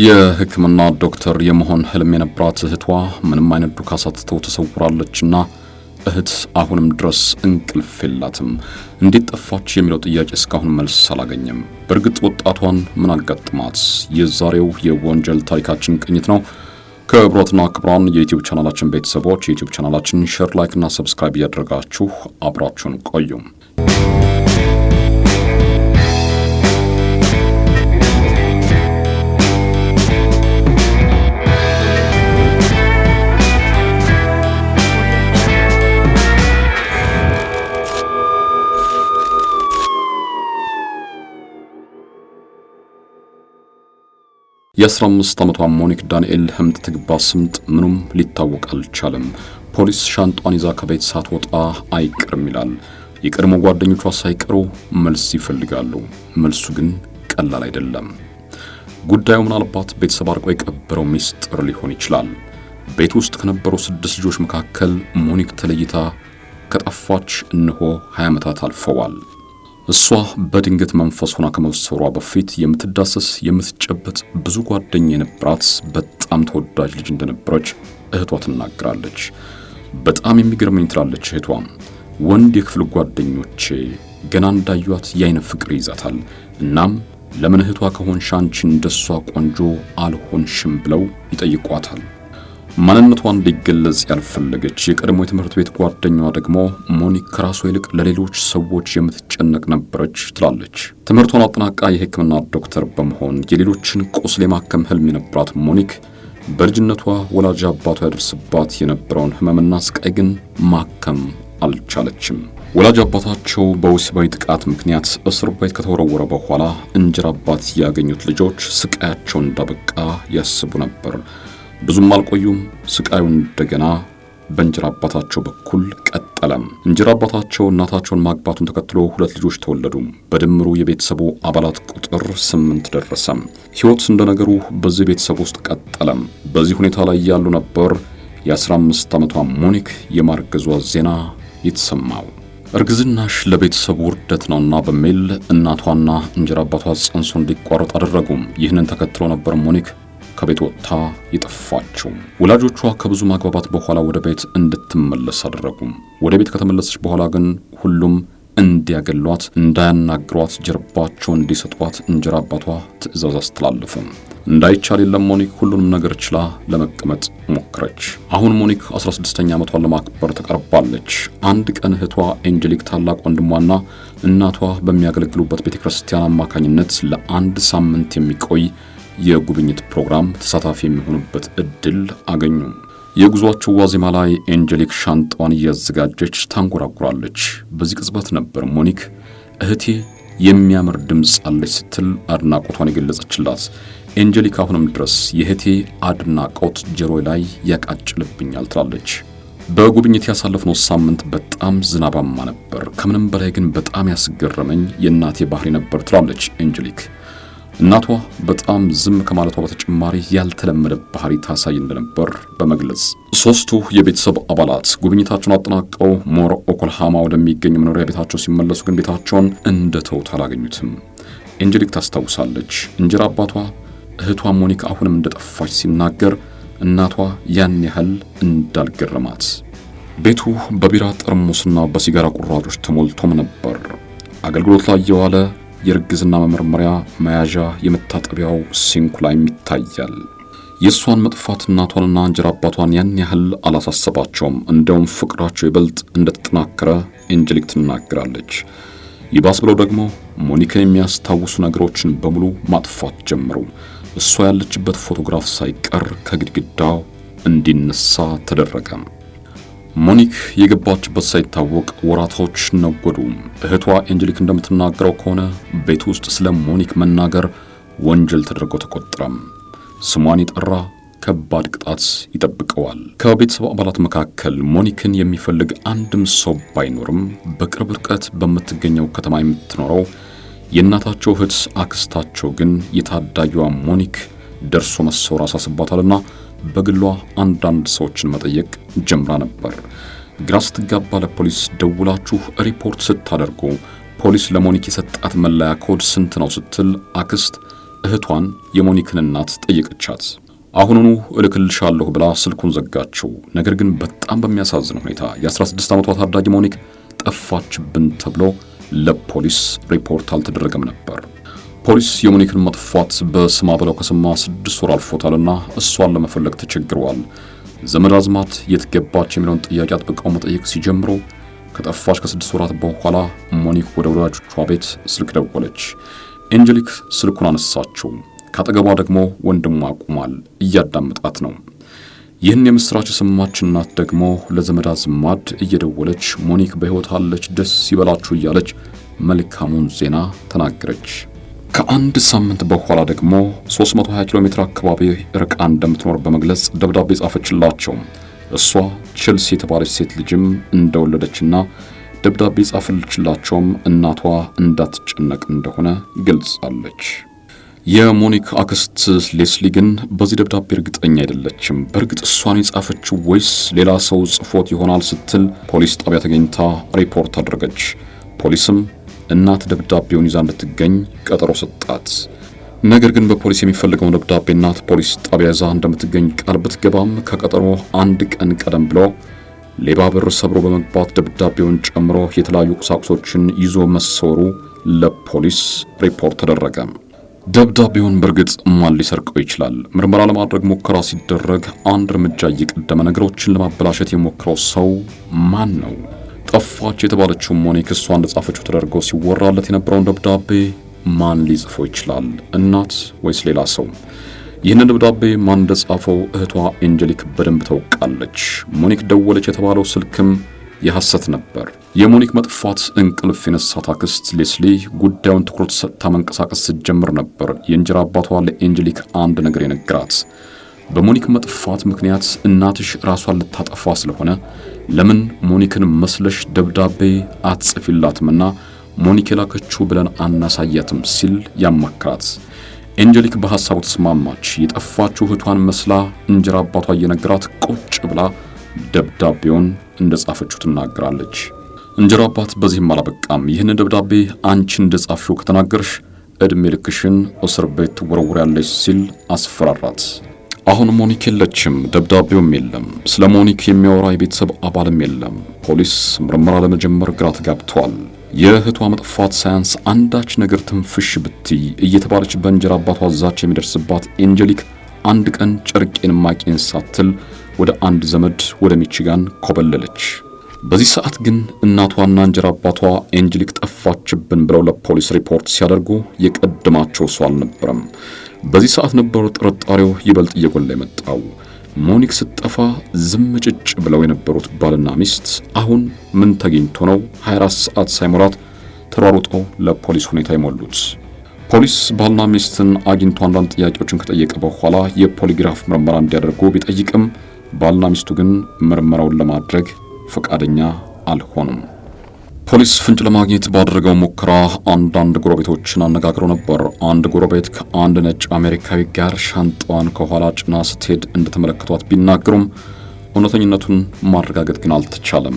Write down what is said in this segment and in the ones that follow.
የሕክምና ዶክተር የመሆን ህልም የነበራት እህቷ ምንም አይነት ዱካ ሳትተው ተሰውራለችና እህት አሁንም ድረስ እንቅልፍ የላትም። እንዴት ጠፋች የሚለው ጥያቄ እስካሁን መልስ አላገኘም። በእርግጥ ወጣቷን ምን አጋጥማት? የዛሬው የወንጀል ታሪካችን ቅኝት ነው። ክቡራትና ክቡራን የዩቲዩብ ቻናላችን ቤተሰቦች የዩቲዩብ ቻናላችን ሼር፣ ላይክ እና ሰብስክራይብ እያደረጋችሁ አብራችሁን ቆዩ። የ15 ዓመቷ ሞኒክ ዳንኤል ህምጥ ትግባ ስምጥ ምኑም ሊታወቅ አልቻለም። ፖሊስ ሻንጧን ይዛ ከቤት ሳትወጣ አይቀርም ይላል። የቀድሞ ጓደኞቿ ሳይቀሩ መልስ ይፈልጋሉ። መልሱ ግን ቀላል አይደለም። ጉዳዩ ምናልባት ቤተሰብ አርቆ የቀበረው ሚስጥር ሊሆን ይችላል። ቤት ውስጥ ከነበሩ ስድስት ልጆች መካከል ሞኒክ ተለይታ ከጠፋች እነሆ 20 ዓመታት አልፈዋል። እሷ በድንገት መንፈስ ሆና ከመሰሯ በፊት የምትዳሰስ የምትጨበጥ ብዙ ጓደኛ የነበራት በጣም ተወዳጅ ልጅ እንደነበረች እህቷ ትናገራለች። በጣም የሚገርመኝ ትላለች እህቷ፣ ወንድ የክፍል ጓደኞቼ ገና እንዳዩት የአይነ ፍቅር ይዛታል። እናም ለምን እህቷ ከሆንሽ አንቺ እንደሷ ቆንጆ አልሆንሽም ብለው ይጠይቋታል። ማንነቷን እንዲገለጽ ያልፈለገች የቀድሞ የትምህርት ቤት ጓደኛዋ ደግሞ ሞኒክ ከራሷ ይልቅ ለሌሎች ሰዎች የምትጨነቅ ነበረች ትላለች። ትምህርቷን አጠናቃ የሕክምና ዶክተር በመሆን የሌሎችን ቁስል የማከም ህልም የነበራት ሞኒክ በልጅነቷ ወላጅ አባቷ ያደርስባት የነበረውን ህመምና ስቃይ ግን ማከም አልቻለችም። ወላጅ አባታቸው በወሲባዊ ጥቃት ምክንያት እስር ቤት ከተወረወረ በኋላ እንጀራ አባት ያገኙት ልጆች ስቃያቸው እንዳበቃ ያስቡ ነበር። ብዙም አልቆዩም። ስቃዩ እንደገና በእንጀራ አባታቸው በኩል ቀጠለም። እንጀራ አባታቸው እናታቸውን ማግባቱን ተከትሎ ሁለት ልጆች ተወለዱ። በድምሩ የቤተሰቡ አባላት ቁጥር ስምንት ደረሰም። ሕይወት እንደ ነገሩ በዚህ ቤተሰብ ውስጥ ቀጠለም። በዚህ ሁኔታ ላይ ያሉ ነበር የ15 ዓመቷ ሞኒክ የማርገዟ ዜና የተሰማው። እርግዝናሽ ለቤተሰቡ ውርደት ነውና በሚል እናቷና እንጀራ አባቷ ጽንሱ እንዲቋረጥ አደረጉ። ይህንን ተከትሎ ነበር ሞኒክ ከቤት ወጥታ ይጠፋቸው። ወላጆቿ ከብዙ ማግባባት በኋላ ወደ ቤት እንድትመለስ አደረጉ። ወደ ቤት ከተመለሰች በኋላ ግን ሁሉም እንዲያገሏት፣ እንዳያናግሯት፣ ጀርባቸው እንዲሰጧት እንጀራ አባቷ ትዕዛዝ አስተላለፈ። እንዳይቻል የለም ሞኒክ ሁሉንም ነገር ችላ ለመቀመጥ ሞክረች። አሁን ሞኒክ 16ኛ ዓመቷን ለማክበር ተቀርባለች። አንድ ቀን እህቷ ኤንጀሊክ ታላቅ ወንድሟና እናቷ በሚያገለግሉበት ቤተ ክርስቲያን አማካኝነት ለአንድ ሳምንት የሚቆይ የጉብኝት ፕሮግራም ተሳታፊ የሚሆኑበት እድል አገኙ። የጉዟቸው ዋዜማ ላይ ኤንጀሊክ ሻንጣዋን እያዘጋጀች ታንጎራጉራለች። በዚህ ቅጽበት ነበር ሞኒክ እህቴ የሚያምር ድምፅ አለች ስትል አድናቆቷን የገለጸችላት። ኤንጀሊክ አሁንም ድረስ የእህቴ አድናቆት ጆሮ ላይ ያቃጭልብኛል ትላለች። በጉብኝት ያሳለፍነው ሳምንት በጣም ዝናባማ ነበር። ከምንም በላይ ግን በጣም ያስገረመኝ የእናቴ ባህሪ ነበር ትላለች ኤንጀሊክ እናቷ በጣም ዝም ከማለቷ በተጨማሪ ያልተለመደ ባህሪ ታሳይ እንደነበር በመግለጽ ሶስቱ የቤተሰብ አባላት ጉብኝታቸውን አጠናቀው ሞር ኦኮልሃማ ወደሚገኝ መኖሪያ ቤታቸው ሲመለሱ ግን ቤታቸውን እንደተውት አላገኙትም። ኤንጀሊክ ታስታውሳለች። እንጀራ አባቷ እህቷ ሞኒክ አሁንም እንደጠፋች ሲናገር እናቷ ያን ያህል እንዳልገረማት ቤቱ በቢራ ጠርሙስና በሲጋራ ቁራጮች ተሞልቶም ነበር። አገልግሎት ላይ የዋለ የእርግዝና መመርመሪያ መያዣ የመታጠቢያው ሲንኩ ላይም ይታያል። የእሷን መጥፋት እናቷንና እንጀራ አባቷን ያን ያህል አላሳሰባቸውም። እንደውም ፍቅራቸው ይበልጥ እንደተጠናከረ ኤንጀሊክ ትናገራለች። ይባስ ብለው ደግሞ ሞኒካን የሚያስታውሱ ነገሮችን በሙሉ ማጥፋት ጀምሩ እሷ ያለችበት ፎቶግራፍ ሳይቀር ከግድግዳው እንዲነሳ ተደረገም። ሞኒክ የገባችበት ሳይታወቅ ወራቶች ነጎዱ። እህቷ ኤንጀሊክ እንደምትናገረው ከሆነ ቤት ውስጥ ስለ ሞኒክ መናገር ወንጀል ተደርጎ ተቆጠረም። ስሟን የጠራ ከባድ ቅጣት ይጠብቀዋል። ከቤተሰብ አባላት መካከል ሞኒክን የሚፈልግ አንድም ሰው ባይኖርም በቅርብ ርቀት በምትገኘው ከተማ የምትኖረው የእናታቸው እህት አክስታቸው ግን የታዳጊዋ ሞኒክ ደርሶ መሰወር አሳስባታልና በግሏ አንዳንድ ሰዎችን መጠየቅ ጀምራ ነበር። ግራ ስትጋባ ለፖሊስ ደውላችሁ ሪፖርት ስታደርጉ ፖሊስ ለሞኒክ የሰጣት መለያ ኮድ ስንት ነው ስትል አክስት እህቷን የሞኒክን እናት ጠየቀቻት። አሁኑኑ እልክልሻለሁ ብላ ስልኩን ዘጋችው። ነገር ግን በጣም በሚያሳዝን ሁኔታ የ16 ዓመቷ ታዳጊ ሞኒክ ጠፋችብን ተብሎ ለፖሊስ ሪፖርት አልተደረገም ነበር። ፖሊስ የሙኒክን መጥፋት በስማ ብለው ከሰማ ስድስት ወር አልፎታልና እሷን ለመፈለግ ተቸግረዋል። ዘመድ አዝማት የት ገባች የሚለውን ጥያቄ አጥብቀው መጠየቅ ሲጀምሩ ከጠፋች ከስድስት ወራት በኋላ ሞኒክ ወደ ወዳጆቿ ቤት ስልክ ደወለች። ኤንጀሊክ ስልኩን አነሳችው። ከአጠገቧ ደግሞ ወንድሟ አቁሟል እያዳመጣት ነው። ይህን የምስራች የሰማች እናት ደግሞ ለዘመድ አዝማድ እየደወለች ሞኒክ በሕይወት አለች፣ ደስ ይበላችሁ እያለች መልካሙን ዜና ተናገረች። ከአንድ ሳምንት በኋላ ደግሞ 320 ኪሎ ሜትር አካባቢ ርቃ እንደምትኖር በመግለጽ ደብዳቤ ጻፈችላቸው። እሷ ቼልሲ የተባለች ሴት ልጅም እንደወለደችና ደብዳቤ ጻፈችላቸውም እናቷ እንዳትጨነቅ እንደሆነ ገልጻለች። የሞኒክ አክስት ሌስሊ ግን በዚህ ደብዳቤ እርግጠኛ አይደለችም። በእርግጥ እሷን የጻፈችው ወይስ ሌላ ሰው ጽፎት ይሆናል ስትል ፖሊስ ጣቢያ ተገኝታ ሪፖርት አድረገች። ፖሊስም እናት ደብዳቤውን ይዛ እንድትገኝ ቀጠሮ ሰጣት። ነገር ግን በፖሊስ የሚፈልገውን ደብዳቤ እናት ፖሊስ ጣቢያ ይዛ እንደምትገኝ ቃል ብትገባም ከቀጠሮ አንድ ቀን ቀደም ብሎ ሌባ በር ሰብሮ በመግባት ደብዳቤውን ጨምሮ የተለያዩ ቁሳቁሶችን ይዞ መሰወሩ ለፖሊስ ሪፖርት ተደረገ። ደብዳቤውን በእርግጥ ማን ሊሰርቀው ይችላል? ምርመራ ለማድረግ ሙከራ ሲደረግ አንድ እርምጃ እየቀደመ ነገሮችን ለማበላሸት የሞከረው ሰው ማን ነው? ጠፋች የተባለችው ሞኒክ እሷ እንደጻፈችው ተደርጎ ሲወራለት የነበረውን ደብዳቤ ማን ሊጽፎ ይችላል? እናት ወይስ ሌላ ሰው? ይህንን ደብዳቤ ማን እንደጻፈው እህቷ ኤንጀሊክ በደንብ ታውቃለች። ሞኒክ ደወለች የተባለው ስልክም የሐሰት ነበር። የሞኒክ መጥፋት እንቅልፍ የነሳት አክስት ሌስሊ ጉዳዩን ትኩረት ሰጥታ መንቀሳቀስ ስትጀምር ነበር የእንጀራ አባቷ ለኤንጀሊክ አንድ ነገር የነገራት። በሞኒክ መጥፋት ምክንያት እናትሽ ራሷን ልታጠፋ ስለሆነ ለምን ሞኒክን መስለሽ ደብዳቤ አትጽፊላትምና ሞኒክ የላከችው ብለን አናሳያትም ሲል ያማክራት። ኤንጀሊክ በሐሳቡ ተስማማች። የጠፋችው እህቷን መስላ እንጀራ አባቷ እየነገራት ቁጭ ብላ ደብዳቤውን እንደጻፈችው ትናገራለች። እንጀራ አባት በዚህም አላበቃም። ይህን ደብዳቤ አንቺ እንደጻፍሽው ከተናገርሽ ዕድሜ ልክሽን እስር ቤት ትወረውሪያለች ሲል አስፈራራት። አሁን ሞኒክ የለችም፣ ደብዳቤውም የለም። ስለ ሞኒክ የሚያወራ የቤተሰብ አባልም የለም። ፖሊስ ምርመራ ለመጀመር ግራ ተጋብቷል። የእህቷ መጥፋት ሳያንስ አንዳች ነገር ትንፍሽ ብትይ እየተባለች በእንጀራ አባቷ ዛቻ የሚደርስባት ኤንጀሊክ አንድ ቀን ጨርቄን ማቄን ሳትል ወደ አንድ ዘመድ ወደ ሚችጋን ኮበለለች። በዚህ ሰዓት ግን እናቷና እንጀራ አባቷ ኤንጀሊክ ጠፋችብን ብለው ለፖሊስ ሪፖርት ሲያደርጉ የቀድማቸው ሰው አልነበረም። በዚህ ሰዓት ነበር ጥርጣሬው ይበልጥ እየጎላ የመጣው። ሞኒክ ስትጠፋ ዝም ጭጭ ብለው የነበሩት ባልና ሚስት አሁን ምን ተገኝቶ ነው 24 ሰዓት ሳይሞላት ተሯሩጠው ለፖሊስ ሁኔታ የሞሉት? ፖሊስ ባልና ሚስትን አግኝቶ አንዳንድ ጥያቄዎችን ከጠየቀ በኋላ የፖሊግራፍ ምርመራ እንዲያደርጉ ቢጠይቅም ባልና ሚስቱ ግን ምርመራውን ለማድረግ ፈቃደኛ አልሆኑም። ፖሊስ ፍንጭ ለማግኘት ባደረገው ሙከራ አንዳንድ ጎረቤቶችን አነጋግሮ ነበር። አንድ ጎረቤት ከአንድ ነጭ አሜሪካዊ ጋር ሻንጣዋን ከኋላ ጭና ስትሄድ እንደተመለከቷት ቢናገሩም እውነተኝነቱን ማረጋገጥ ግን አልተቻለም።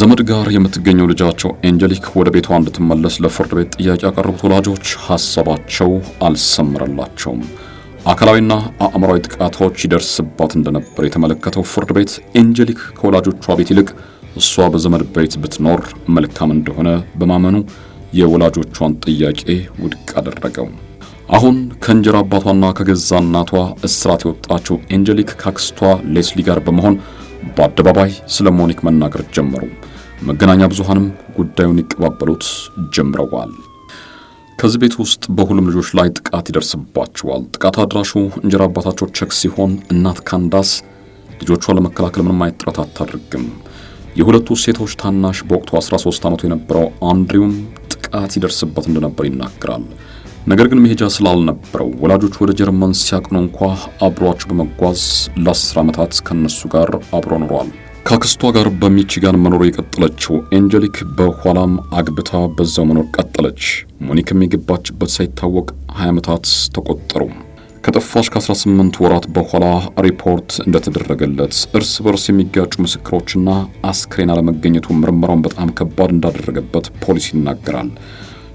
ዘመድ ጋር የምትገኘው ልጃቸው ኤንጀሊክ ወደ ቤቷ እንድትመለስ ለፍርድ ቤት ጥያቄ ያቀረቡት ወላጆች ሀሳባቸው አልሰምረላቸውም። አካላዊና አእምሯዊ ጥቃቶች ይደርስባት እንደነበር የተመለከተው ፍርድ ቤት ኤንጀሊክ ከወላጆቿ ቤት ይልቅ እሷ በዘመድ ቤት ብትኖር መልካም እንደሆነ በማመኑ የወላጆቿን ጥያቄ ውድቅ አደረገው። አሁን ከእንጀራ አባቷና ከገዛ እናቷ እስራት የወጣችው ኤንጀሊክ ካክስቷ ሌስሊ ጋር በመሆን በአደባባይ ስለ ሞኒክ መናገር ጀመሩ። መገናኛ ብዙሃንም ጉዳዩን ይቀባበሉት ጀምረዋል። ከዚህ ቤት ውስጥ በሁሉም ልጆች ላይ ጥቃት ይደርስባቸዋል። ጥቃት አድራሹ እንጀራ አባታቸው ቼክ ሲሆን እናት ካንዳስ ልጆቿ ለመከላከል ምንም አይነት ጥረት አታድርግም። የሁለቱ ሴቶች ታናሽ በወቅቱ 13 ዓመቱ የነበረው አንድሪውም ጥቃት ይደርስበት እንደነበር ይናገራል። ነገር ግን መሄጃ ስላልነበረው ወላጆቹ ወደ ጀርመን ሲያቅኑ እንኳ አብሯቸው በመጓዝ ለ10 ዓመታት ከነሱ ጋር አብሮ ኑሯል። ከክስቷ ጋር በሚችጋን መኖር የቀጠለችው ኤንጀሊክ በኋላም አግብታ በዛው መኖር ቀጠለች። ሙኒክም የገባችበት ሳይታወቅ 20 ዓመታት ተቆጠሩ። ከጠፋች ከ18 ወራት በኋላ ሪፖርት እንደተደረገለት እርስ በርስ የሚጋጩ ምስክሮችና አስክሬን አለመገኘቱ ምርመራውን በጣም ከባድ እንዳደረገበት ፖሊስ ይናገራል።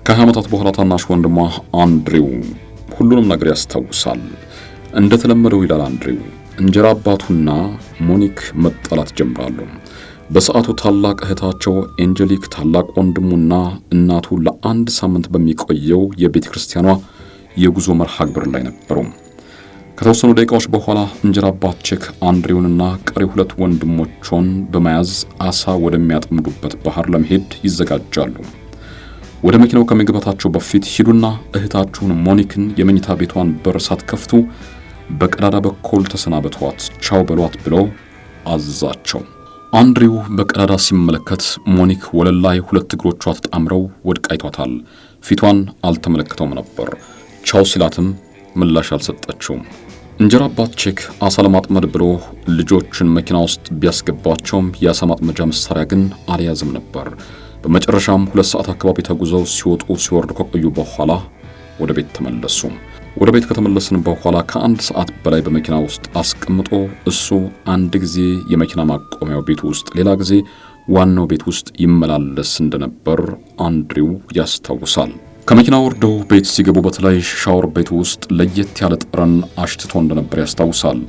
ከ20 ዓመታት በኋላ ታናሽ ወንድሟ አንድሪው ሁሉንም ነገር ያስታውሳል። እንደተለመደው ይላል አንድሪው እንጀራ አባቱና ሞኒክ መጣላት ጀምራሉ። በሰዓቱ ታላቅ እህታቸው ኤንጀሊክ፣ ታላቅ ወንድሙና እናቱ ለአንድ ሳምንት በሚቆየው የቤተ ክርስቲያኗ የጉዞ መርሃ ግብር ላይ ነበሩም። ከተወሰኑ ደቂቃዎች በኋላ እንጀራ ቼክ አንድሬውንና ቀሪ ሁለት ወንድሞቿን በመያዝ አሳ ወደሚያጠምዱበት ባህር ለመሄድ ይዘጋጃሉ። ወደ መኪናው ከመግባታቸው በፊት ሂዱና እህታችሁን ሞኒክን የመኝታ ቤቷን በር ሳትከፍቱ በቀዳዳ በኩል ተሰናበቷት፣ ቻው በሏት ብሎ አዛቸው። አንድሪው በቀዳዳ ሲመለከት ሞኒክ ወለል ላይ ሁለት እግሮቿ ተጣምረው ወድቃ ፊቷን አልተመለከተውም ነበር። ቻው ሲላትም ምላሽ አልሰጠችውም። እንጀራ አባት ቼክ አሳ ለማጥመድ ብሎ ልጆቹን መኪና ውስጥ ቢያስገባቸውም የአሳ ማጥመጃ መሳሪያ ግን አልያዝም ነበር። በመጨረሻም ሁለት ሰዓት አካባቢ ተጉዘው ሲወጡ ሲወርዱ ከቆዩ በኋላ ወደ ቤት ተመለሱ። ወደ ቤት ከተመለስን በኋላ ከአንድ ሰዓት በላይ በመኪና ውስጥ አስቀምጦ እሱ አንድ ጊዜ የመኪና ማቆሚያው ቤት ውስጥ፣ ሌላ ጊዜ ዋናው ቤት ውስጥ ይመላለስ እንደነበር አንድሪው ያስታውሳል። ከመኪና ወርደው ቤት ሲገቡ በተለይ ሻወር ቤት ውስጥ ለየት ያለ ጠረን አሽትቶ እንደነበር ያስታውሳል።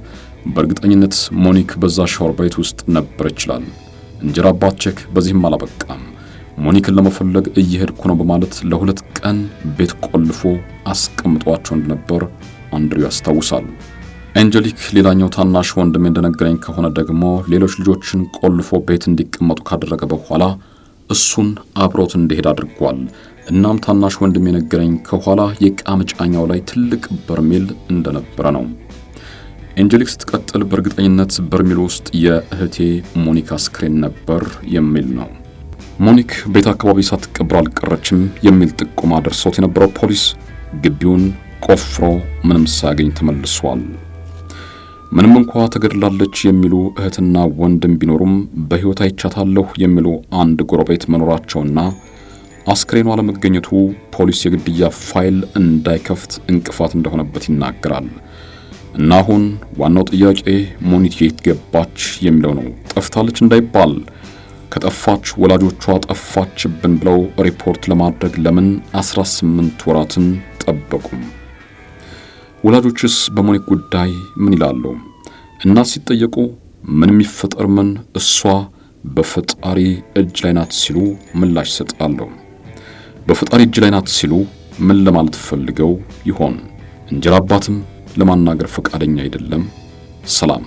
በእርግጠኝነት ሞኒክ በዛ ሻወር ቤት ውስጥ ነበር ይችላል። እንጀራ ቼክ በዚህም አላበቃም። ሞኒክን ለመፈለግ እየሄድኩ ነው በማለት ለሁለት ቀን ቤት ቆልፎ አስቀምጧቸው እንደነበር አንድሪው ያስታውሳል። አንጀሊክ ሌላኛው ታናሽ ወንድሜ እንደነገረኝ ከሆነ ደግሞ ሌሎች ልጆችን ቆልፎ ቤት እንዲቀመጡ ካደረገ በኋላ እሱን አብሮት እንዲሄድ አድርጓል። እናም ታናሽ ወንድም የነገረኝ ከኋላ የቃምጫኛው መጫኛው ላይ ትልቅ በርሜል እንደነበረ ነው። ኤንጀሊክ ስትቀጥል በእርግጠኝነት በርሜል ውስጥ የእህቴ ሞኒካ አስክሬን ነበር የሚል ነው። ሞኒክ ቤት አካባቢ ሳትቀብር አልቀረችም የሚል ጥቆማ ደርሶት የነበረው ፖሊስ ግቢውን ቆፍሮ ምንም ሳያገኝ ተመልሷል። ምንም እንኳ ተገድላለች የሚሉ እህትና ወንድም ቢኖሩም በሕይወት አይቻታለሁ የሚሉ አንድ ጎረቤት መኖራቸውና አስክሬኗ አለመገኘቱ ፖሊስ የግድያ ፋይል እንዳይከፍት እንቅፋት እንደሆነበት ይናገራል። እና አሁን ዋናው ጥያቄ ሞኒት የት ገባች የሚለው ነው። ጠፍታለች እንዳይባል ከጠፋች ወላጆቿ ጠፋችብን ብለው ሪፖርት ለማድረግ ለምን 18 ወራትን ጠበቁም? ወላጆችስ በሞኒት ጉዳይ ምን ይላሉ? እናት ሲጠየቁ ምን የሚፈጠር ምን እሷ በፈጣሪ እጅ ላይ ናት ሲሉ ምላሽ ሰጣለሁ። በፈጣሪ እጅ ላይ ናት ሲሉ ምን ለማለት ፈልገው ይሆን? እንጀራ አባትም ለማናገር ፈቃደኛ አይደለም። ሰላም